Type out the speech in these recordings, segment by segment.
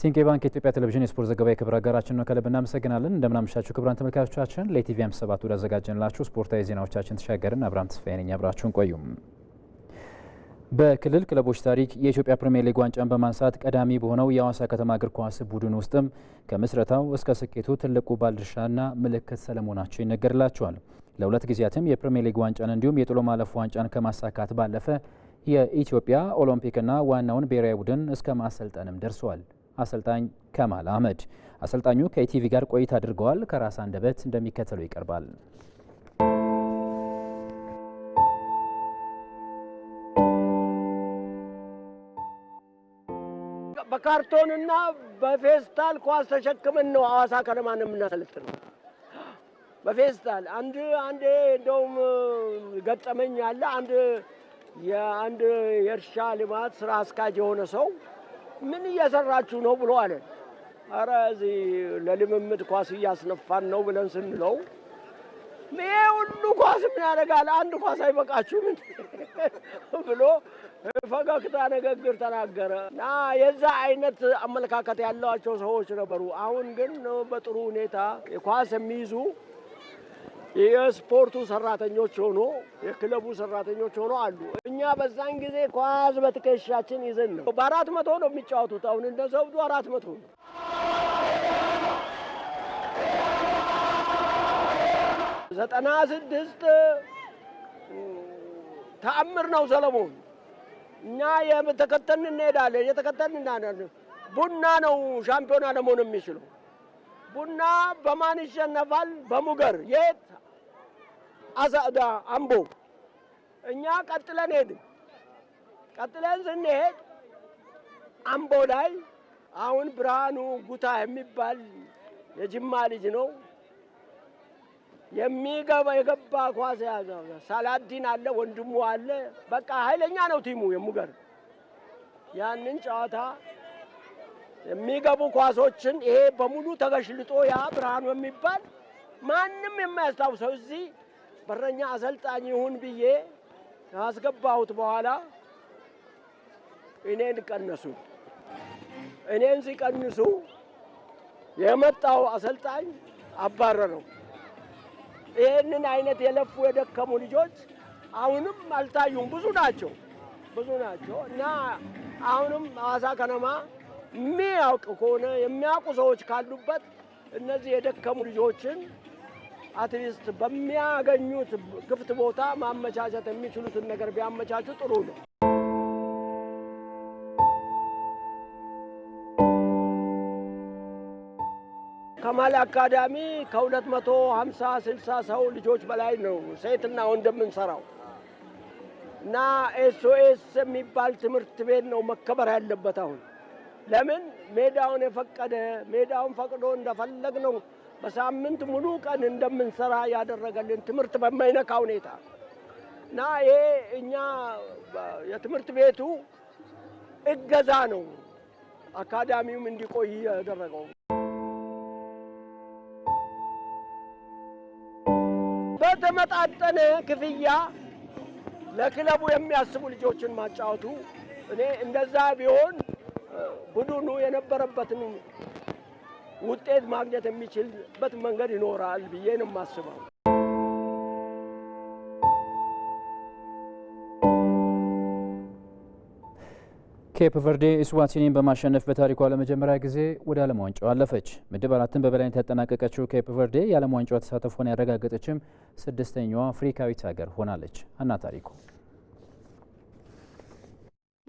ሲንቄ ባንክ የኢትዮጵያ ቴሌቪዥን የስፖርት ዘገባ የክብር አጋራችን ነው። ከልብ እናመሰግናለን። እንደምናመሻችሁ ክቡራን ተመልካቾቻችን ለኢቲቪ 57 ወደ አዘጋጀንላችሁ ስፖርታዊ ዜናዎቻችን ተሻገርን። አብርሃም ተስፋዬ ነኝ። አብራችሁን ቆዩም። በክልል ክለቦች ታሪክ የኢትዮጵያ ፕሪምየር ሊግ ዋንጫን በማንሳት ቀዳሚ በሆነው የአዋሳ ከተማ እግር ኳስ ቡድን ውስጥም ከምስረታው እስከ ስኬቱ ትልቁ ባለድርሻና ምልክት ሰለሞናቸው ይነገርላቸዋል። ለሁለት ጊዜያትም የፕሪምየር ሊግ ዋንጫን እንዲሁም የጥሎ ማለፍ ዋንጫን ከማሳካት ባለፈ የኢትዮጵያ ኦሎምፒክና ዋናውን ብሔራዊ ቡድን እስከ ማሰልጠንም ደርሰዋል። አሰልጣኝ ከማል አህመድ። አሰልጣኙ ከኢቲቪ ጋር ቆይታ አድርገዋል። ከራስ አንደበት እንደሚከተለው ይቀርባል። በካርቶንና በፌስታል ኳስ ተሸክመን ነው ሐዋሳ ከነማን የምናሰለጥን። በፌስታል አንድ አንድ እንደውም ገጠመኝ አለ። አንድ የአንድ የእርሻ ልማት ስራ አስካጅ የሆነ ሰው ምን እየሰራችሁ ነው ብሎ አለ። አረ እዚህ ለልምምድ ኳስ እያስነፋን ነው ብለን ስንለው ይሄ ሁሉ ኳስ ምን ያደርጋል አንድ ኳስ አይበቃችሁም ብሎ ፈገግታ ንግግር ተናገረ እና የዛ አይነት አመለካከት ያላቸው ሰዎች ነበሩ። አሁን ግን በጥሩ ሁኔታ ኳስ የሚይዙ የስፖርቱ ሰራተኞች ሆኖ የክለቡ ሰራተኞች ሆኖ አሉ። እኛ በዛን ጊዜ ኳስ በትከሻችን ይዘን ነው። በአራት መቶ ነው የሚጫወቱት። አሁን እንደ ዘውዱ አራት መቶ ነው። ዘጠና ስድስት ተአምር ነው ሰለሞን። እኛ የተከተልን እንሄዳለን፣ የተከተልን እንሄዳለን። ቡና ነው ሻምፒዮና ለመሆን የሚችለው ቡና በማን ይሸነፋል? በሙገር የት? አዛዳ አምቦ እኛ ቀጥለን ሄድን። ቀጥለን ስንሄድ አምቦ ላይ አሁን ብርሃኑ ጉታ የሚባል የጅማ ልጅ ነው የሚገባ የገባ ኳስ ያዘ። ሳላዲን አለ ወንድሙ አለ። በቃ ኃይለኛ ነው ቲሙ የሙገር ያንን ጨዋታ የሚገቡ ኳሶችን ይሄ በሙሉ ተገሽልጦ ያ ብርሃኑ የሚባል ማንም የማያስታውሰው እዚህ በረኛ አሰልጣኝ ይሁን ብዬ ካስገባሁት በኋላ እኔን ቀነሱ። እኔን ሲቀንሱ የመጣው አሰልጣኝ አባረረው። ይህንን አይነት የለፉ የደከሙ ልጆች አሁንም አልታዩም። ብዙ ናቸው፣ ብዙ ናቸው እና አሁንም ሐዋሳ ከነማ የሚያውቅ ከሆነ የሚያውቁ ሰዎች ካሉበት እነዚህ የደከሙ ልጆችን አትሊስት በሚያገኙት ክፍት ቦታ ማመቻቸት የሚችሉትን ነገር ቢያመቻቹ ጥሩ ነው። ከማል አካዳሚ ከሁለት መቶ ሀምሳ ስልሳ ሰው ልጆች በላይ ነው ሴትና ወንድ የምንሰራው እና ኤስኦኤስ የሚባል ትምህርት ቤት ነው መከበር ያለበት አሁን ለምን ሜዳውን የፈቀደ ሜዳውን ፈቅዶ እንደፈለግ ነው በሳምንት ሙሉ ቀን እንደምንሰራ ያደረገልን ትምህርት በማይነካ ሁኔታ እና ይሄ እኛ የትምህርት ቤቱ እገዛ ነው። አካዳሚውም እንዲቆይ ያደረገው በተመጣጠነ ክፍያ ለክለቡ የሚያስቡ ልጆችን ማጫወቱ እኔ እንደዛ ቢሆን ቡድኑ የነበረበትን ውጤት ማግኘት የሚችልበት መንገድ ይኖራል ብዬ ነው የማስበው። ኬፕ ቨርዴ ኢስዋቲኒን በማሸነፍ በታሪኳ ለመጀመሪያ ጊዜ ወደ ዓለም ዋንጫው አለፈች። ምድብ አራትን በበላይነት ያጠናቀቀችው ኬፕ ቨርዴ የዓለም ዋንጫው ተሳትፎን ያረጋገጠችም ስድስተኛዋ አፍሪካዊት ሀገር ሆናለች። አና ታሪኩ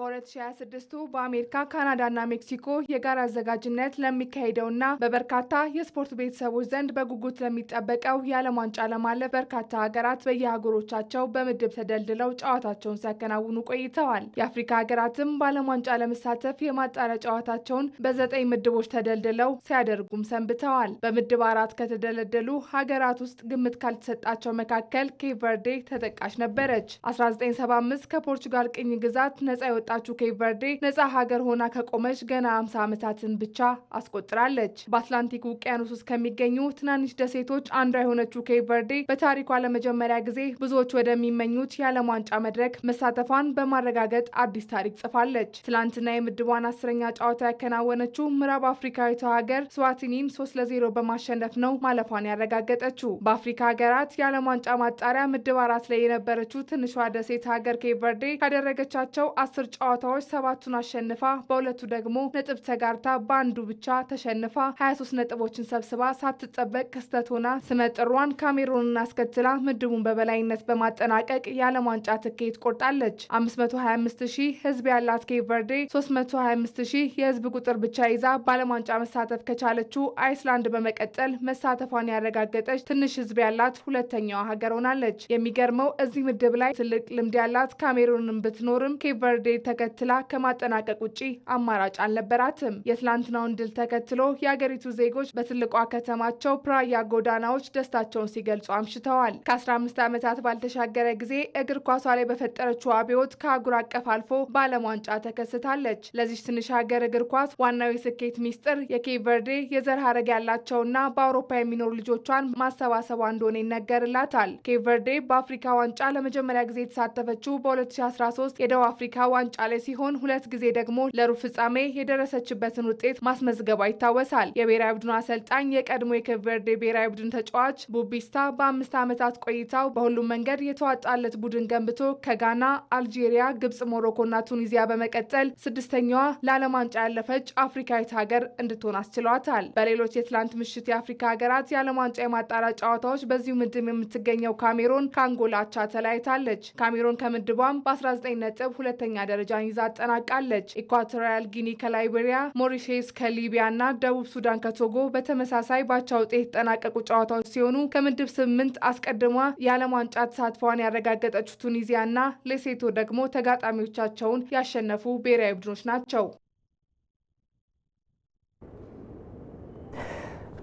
በ2026 በአሜሪካ ካናዳና ሜክሲኮ የጋራ አዘጋጅነት ለሚካሄደውና በበርካታ የስፖርት ቤተሰቦች ዘንድ በጉጉት ለሚጠበቀው የዓለም ዋንጫ ለማለፍ በርካታ ሀገራት በየሀገሮቻቸው በምድብ ተደልድለው ጨዋታቸውን ሲያከናውኑ ቆይተዋል። የአፍሪካ ሀገራትም በዓለም ዋንጫ ለመሳተፍ የማጣሪያ ጨዋታቸውን በዘጠኝ ምድቦች ተደልድለው ሲያደርጉም ሰንብተዋል። በምድብ አራት ከተደለደሉ ሀገራት ውስጥ ግምት ካልተሰጣቸው መካከል ኬቨርዴ ተጠቃሽ ነበረች። 1975 ከፖርቹጋል ቅኝ ግዛት ነጻ ወ። ያወጣችው ኬፕ ቨርዴ ነጻ ሀገር ሆና ከቆመች ገና 50 ዓመታትን ብቻ አስቆጥራለች። በአትላንቲክ ውቅያኖስ ውስጥ ከሚገኙ ትናንሽ ደሴቶች አንዷ የሆነችው ኬፕ ቨርዴ በታሪኳ ለመጀመሪያ ጊዜ ብዙዎች ወደሚመኙት የዓለም ዋንጫ መድረክ መሳተፏን በማረጋገጥ አዲስ ታሪክ ጽፋለች። ትላንትና የምድቧን አስረኛ ጨዋታ ያከናወነችው ምዕራብ አፍሪካዊቷ ሀገር ስዋቲኒን ለ ለዜሮ በማሸነፍ ነው ማለፏን ያረጋገጠችው። በአፍሪካ ሀገራት የዓለም ዋንጫ ማጣሪያ ምድብ አራት ላይ የነበረችው ትንሿ ደሴት ሀገር ኬፕ ቨርዴ ካደረገቻቸው አስር ጨዋታዎች ሰባቱን አሸንፋ በሁለቱ ደግሞ ነጥብ ተጋርታ በአንዱ ብቻ ተሸንፋ 23 ነጥቦችን ሰብስባ ሳትጠበቅ ክስተት ሆና ስመ ጥሯን ካሜሩንን አስከትላ ምድቡን በበላይነት በማጠናቀቅ የዓለም ዋንጫ ትኬት ቆርጣለች። 525 ሺህ ህዝብ ያላት ኬፕ ቨርዴ 325 ሺህ የህዝብ ቁጥር ብቻ ይዛ በዓለም ዋንጫ መሳተፍ ከቻለችው አይስላንድ በመቀጠል መሳተፏን ያረጋገጠች ትንሽ ህዝብ ያላት ሁለተኛዋ ሀገር ሆናለች። የሚገርመው እዚህ ምድብ ላይ ትልቅ ልምድ ያላት ካሜሩንን ብትኖርም ኬፕ ቨርዴ ተከትላ ከማጠናቀቅ ውጪ አማራጭ አልነበራትም። የትላንትናውን ድል ተከትሎ የአገሪቱ ዜጎች በትልቋ ከተማቸው ፕራያ ጎዳናዎች ደስታቸውን ሲገልጹ አምሽተዋል። ከ15 ዓመታት ባልተሻገረ ጊዜ እግር ኳሷ ላይ በፈጠረችው አብዮት ከአህጉር አቀፍ አልፎ በዓለም ዋንጫ ተከስታለች። ለዚች ትንሽ ሀገር እግር ኳስ ዋናው የስኬት ሚስጥር የኬፕ ቨርዴ የዘር ሀረግ ያላቸውና በአውሮፓ የሚኖሩ ልጆቿን ማሰባሰቧ እንደሆነ ይነገርላታል። ኬፕ ቨርዴ በአፍሪካ ዋንጫ ለመጀመሪያ ጊዜ የተሳተፈችው በ2013 የደቡብ አፍሪካ ዋንጫ የጣለ ሲሆን ሁለት ጊዜ ደግሞ ለሩብ ፍጻሜ የደረሰችበትን ውጤት ማስመዝገቧ ይታወሳል። የብሔራዊ ቡድኑ አሰልጣኝ የቀድሞ የኬፕ ቨርዴ ብሔራዊ ቡድን ተጫዋች ቡቢስታ በአምስት ዓመታት ቆይታው በሁሉም መንገድ የተዋጣለት ቡድን ገንብቶ ከጋና፣ አልጄሪያ፣ ግብጽ፣ ሞሮኮና ቱኒዚያ በመቀጠል ስድስተኛዋ ለዓለም ዋንጫ ያለፈች አፍሪካዊት ሀገር እንድትሆን አስችሏታል። በሌሎች የትላንት ምሽት የአፍሪካ ሀገራት የዓለም ዋንጫ የማጣሪያ ጨዋታዎች በዚሁ ምድብ የምትገኘው ካሜሮን ከአንጎላ አቻ ተለያይታለች። ካሜሮን ከምድቧም በ19 ነጥብ ሁለተኛ ደረጃ ደረጃን ይዛ አጠናቃለች። ኢኳቶሪያል ጊኒ ከላይቤሪያ፣ ሞሪሼስ ከሊቢያ እና ደቡብ ሱዳን ከቶጎ በተመሳሳይ ባቻ ውጤት የተጠናቀቁ ጨዋታዎች ሲሆኑ ከምድብ ስምንት አስቀድሟ የዓለም ዋንጫ ተሳትፏን ያረጋገጠችው ቱኒዚያ እና ሌሴቶ ደግሞ ተጋጣሚዎቻቸውን ያሸነፉ ብሔራዊ ቡድኖች ናቸው።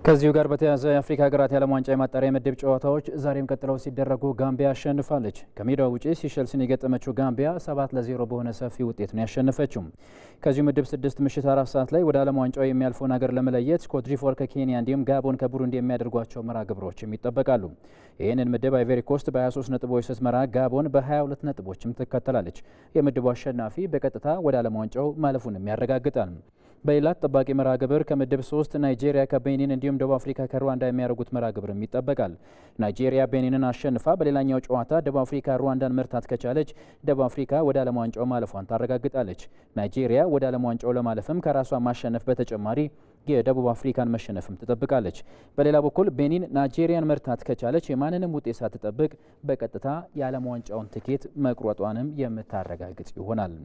ከዚሁ ጋር በተያያዘ የአፍሪካ ሀገራት የዓለም ዋንጫ የማጣሪያ ምድብ ጨዋታዎች ዛሬም ቀጥለው ሲደረጉ ጋምቢያ አሸንፋለች። ከሜዳው ውጪ ሲሸልስን የገጠመችው ጋምቢያ 7 ለ0 በሆነ ሰፊ ውጤት ነው ያሸነፈችው። ከዚሁ ምድብ 6 ምሽት 4 ሰዓት ላይ ወደ ዓለም ዋንጫው የሚያልፈውን ሀገር ለመለየት ኮትዲቯር ከኬንያ እንዲሁም ጋቦን ከቡሩንዲ የሚያደርጓቸው መርሃ ግብሮችም ይጠበቃሉ። ይህንን ምድብ አይቨሪ ኮስት በ23 ነጥቦች ስትመራ፣ ጋቦን በ22 ነጥቦችም ትከተላለች። የምድቡ አሸናፊ በቀጥታ ወደ ዓለም ዋንጫው ማለፉንም ያረጋግጣል። በሌላ ጠባቂ መርሃ ግብር ከምድብ ሶስት ናይጄሪያ ከቤኒን እንዲሁም ደቡብ አፍሪካ ከሩዋንዳ የሚያደርጉት መርሃ ግብርም ይጠበቃል። ናይጄሪያ ቤኒንን አሸንፋ በሌላኛው ጨዋታ ደቡብ አፍሪካ ሩዋንዳን መርታት ከቻለች ደቡብ አፍሪካ ወደ ዓለም ዋንጫው ማለፏን ታረጋግጣለች። ናይጄሪያ ወደ ዓለም ዋንጫው ለማለፍም ከራሷ ማሸነፍ በተጨማሪ የደቡብ አፍሪካን መሸነፍም ትጠብቃለች። በሌላ በኩል ቤኒን ናይጄሪያን መርታት ከቻለች የማንንም ውጤት ሳትጠብቅ በቀጥታ የዓለም ዋንጫውን ትኬት መቁረጧንም የምታረጋግጥ ይሆናል።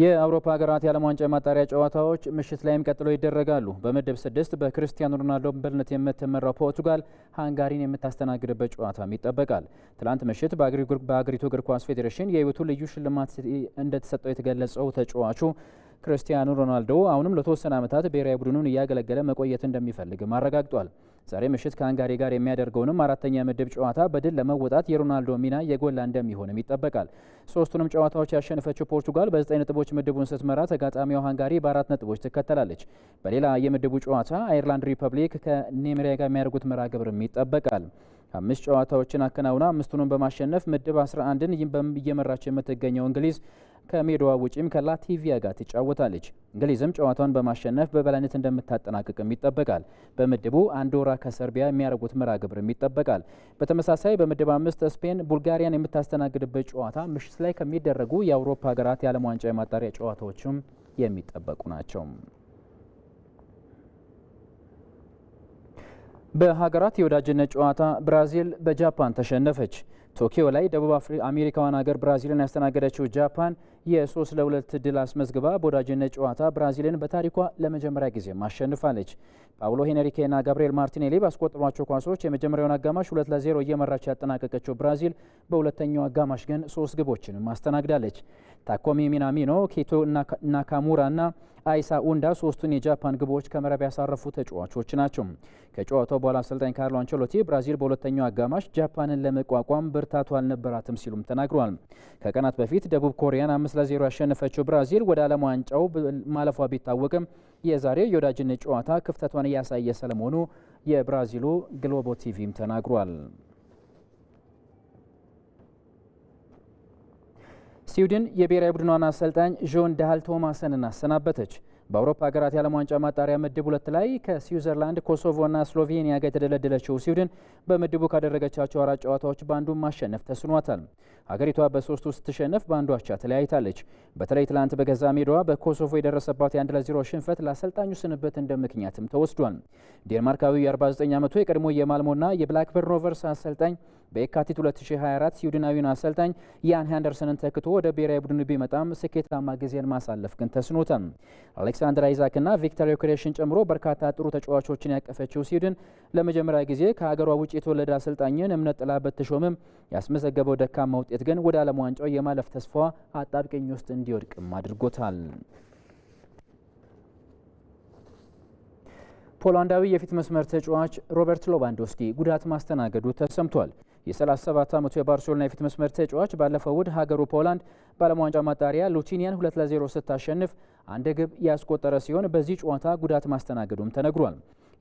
የአውሮፓ ሀገራት የዓለም ዋንጫ ማጣሪያ ጨዋታዎች ምሽት ላይም ቀጥሎ ይደረጋሉ። በምድብ ስድስት በክርስቲያኖ ሮናልዶ በልነት የምትመራው ፖርቱጋል ሃንጋሪን የምታስተናግድበት ጨዋታም ይጠበቃል። ትላንት ምሽት በአገሪቱ እግር ኳስ ፌዴሬሽን የህይወቱ ልዩ ሽልማት እንደተሰጠው የተገለጸው ተጫዋቹ ክርስቲያኖ ሮናልዶ አሁንም ለተወሰነ ዓመታት ብሔራዊ ቡድኑን እያገለገለ መቆየት እንደሚፈልግም አረጋግጧል። ዛሬ ምሽት ከአንጋሪ ጋር የሚያደርገውንም አራተኛ ምድብ ጨዋታ በድል ለመወጣት የሮናልዶ ሚና የጎላ እንደሚሆንም ይጠበቃል። ሶስቱንም ጨዋታዎች ያሸነፈችው ፖርቱጋል በዘጠኝ ነጥቦች ምድቡን ስትመራ፣ ተጋጣሚዋ ሃንጋሪ በአራት ነጥቦች ትከተላለች። በሌላ የምድቡ ጨዋታ አይርላንድ ሪፐብሊክ ከኔምሪያ ጋር የሚያደርጉት መርሃ ግብርም ይጠበቃል። አምስት ጨዋታዎችን አከናውና አምስቱንም በማሸነፍ ምድብ 11ን እየመራች የምትገኘው እንግሊዝ ከሜዳዋ ውጪም ከላቲቪያ ጋር ትጫወታለች። እንግሊዝም ጨዋታውን በማሸነፍ በበላይነት እንደምታጠናቅቅም ይጠበቃል። በምድቡ አንዶራ ከሰርቢያ የሚያደርጉት መርሃ ግብርም ይጠበቃል። በተመሳሳይ በምድብ አምስት ስፔን ቡልጋሪያን የምታስተናግድበት ጨዋታ ምሽት ላይ ከሚደረጉ የአውሮፓ ሀገራት የዓለም ዋንጫ የማጣሪያ ጨዋታዎችም የሚጠበቁ ናቸው። በሀገራት የወዳጅነት ጨዋታ ብራዚል በጃፓን ተሸነፈች። ቶኪዮ ላይ ደቡብ አሜሪካዋን ሀገር ብራዚልን ያስተናገደችው ጃፓን የሶስት ለሁለት ድል አስመዝግባ በወዳጅነት ጨዋታ ብራዚልን በታሪኳ ለመጀመሪያ ጊዜ አሸንፋለች። ፓብሎ ሄንሪኬና ጋብርኤል ማርቲኔሊ ባስቆጠሯቸው ኳሶች የመጀመሪያውን አጋማሽ ሁለት ለዜሮ እየመራች ያጠናቀቀችው ብራዚል በሁለተኛው አጋማሽ ግን ሶስት ግቦችንም አስተናግዳለች። ታኮሚ ሚናሚኖ፣ ኬቶ ናካሙራ ና አይሳ ኡንዳ ሶስቱን የጃፓን ግቦች ከመረብ ያሳረፉ ተጫዋቾች ናቸው። ከጨዋታው በኋላ አሰልጣኝ ካርሎ አንቸሎቲ ብራዚል በሁለተኛው አጋማሽ ጃፓንን ለመቋቋም ብርታቱ አልነበራትም ሲሉም ተናግሯል። ከቀናት በፊት ደቡብ ኮሪያን አምስት ለዜሮ ያሸነፈችው ብራዚል ወደ ዓለም ዋንጫው ማለፏ ቢታወቅም የዛሬው የወዳጅነት ጨዋታ ክፍተቷን እያሳየ ስለመሆኑ የብራዚሉ ግሎቦ ቲቪም ተናግሯል። ስዊድን የብሔራዊ ቡድኗን አሰልጣኝ ዦን ዳሃል ቶማሰንን አሰናበተች። በአውሮፓ ሀገራት የዓለም ዋንጫ ማጣሪያ ምድብ ሁለት ላይ ከስዊዘርላንድ ኮሶቮና ስሎቬኒያ ጋር የተደለደለችው ስዊድን በምድቡ ካደረገቻቸው አራት ጨዋታዎች በአንዱ ማሸነፍ ተስኗታል። ሀገሪቷ በሶስቱ ስትሸነፍ በአንዱ አቻ ተለያይታለች። በተለይ ትላንት በገዛ ሜዳዋ በኮሶቮ የደረሰባት የአንድ ለዜሮ ሽንፈት ለአሰልጣኙ ስንበት እንደ ምክንያትም ተወስዷል። ዴንማርካዊ የ49 ዓመቱ የቀድሞ የማልሞና የብላክበርን ሮቨርስ አሰልጣኝ በየካቲት 2024 ስዊድናዊውን አሰልጣኝ ያን ሃንደርሰንን ተክቶ ወደ ብሔራዊ ቡድን ቢመጣም ስኬታማ ጊዜን ማሳለፍ ግን ተስኖታል። አሌክሳንደር አይዛክና ቪክተር ዮኬሬሽን ጨምሮ በርካታ ጥሩ ተጫዋቾችን ያቀፈችው ስዊድን ለመጀመሪያ ጊዜ ከሀገሯ ውጭ የተወለደ አሰልጣኝን እምነት ጥላ ብትሾምም ያስመዘገበው ደካማ ውጤት ግን ወደ ዓለም ዋንጫው የማለፍ ተስፋዋ አጣብቂኝ ውስጥ እንዲወድቅም አድርጎታል። ፖላንዳዊ የፊት መስመር ተጫዋች ሮበርት ሎቫንዶስኪ ጉዳት ማስተናገዱ ተሰምቷል። የ37 ዓመቱ የባርሴሎና የፊት መስመር ተጫዋች ባለፈው እሁድ ሀገሩ ፖላንድ በዓለም ዋንጫ ማጣሪያ ሉቲኒያን 2 ለ0 ስታሸንፍ አንድ ግብ ያስቆጠረ ሲሆን በዚህ ጨዋታ ጉዳት ማስተናገዱም ተነግሯል።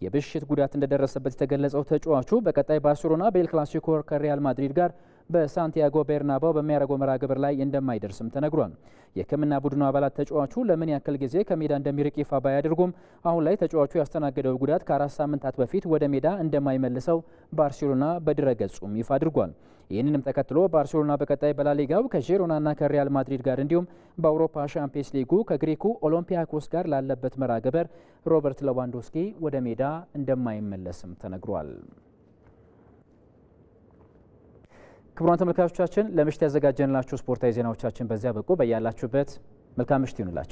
የብሽት ጉዳት እንደደረሰበት የተገለጸው ተጫዋቹ በቀጣይ ባርሴሎና በኤል ክላሲኮ ከሪያል ማድሪድ ጋር በሳንቲያጎ ቤርናባው በሚያደርገው መርሃ ግብር ላይ እንደማይደርስም ተነግሯል። የሕክምና ቡድኑ አባላት ተጫዋቹ ለምን ያክል ጊዜ ከሜዳ እንደሚርቅ ይፋ ባያደርጉም አሁን ላይ ተጫዋቹ ያስተናገደው ጉዳት ከአራት ሳምንታት በፊት ወደ ሜዳ እንደማይመልሰው ባርሴሎና በድረገጹም ይፋ አድርጓል። ይህንንም ተከትሎ ባርሴሎና በቀጣይ በላሊጋው ከዢሮናና ከሪያል ማድሪድ ጋር እንዲሁም በአውሮፓ ሻምፒየንስ ሊጉ ከግሪኩ ኦሎምፒያኮስ ጋር ላለበት መርሃ ግብር ሮበርት ሌቫንዶስኪ ወደ ሜዳ እንደማይመለስም ተነግሯል። ክቡራን ተመልካቾቻችን ለምሽት ያዘጋጀንላችሁ ስፖርታዊ ዜናዎቻችን በዚያ በቁ። በያላችሁበት መልካም ምሽት ይሁንላችሁ።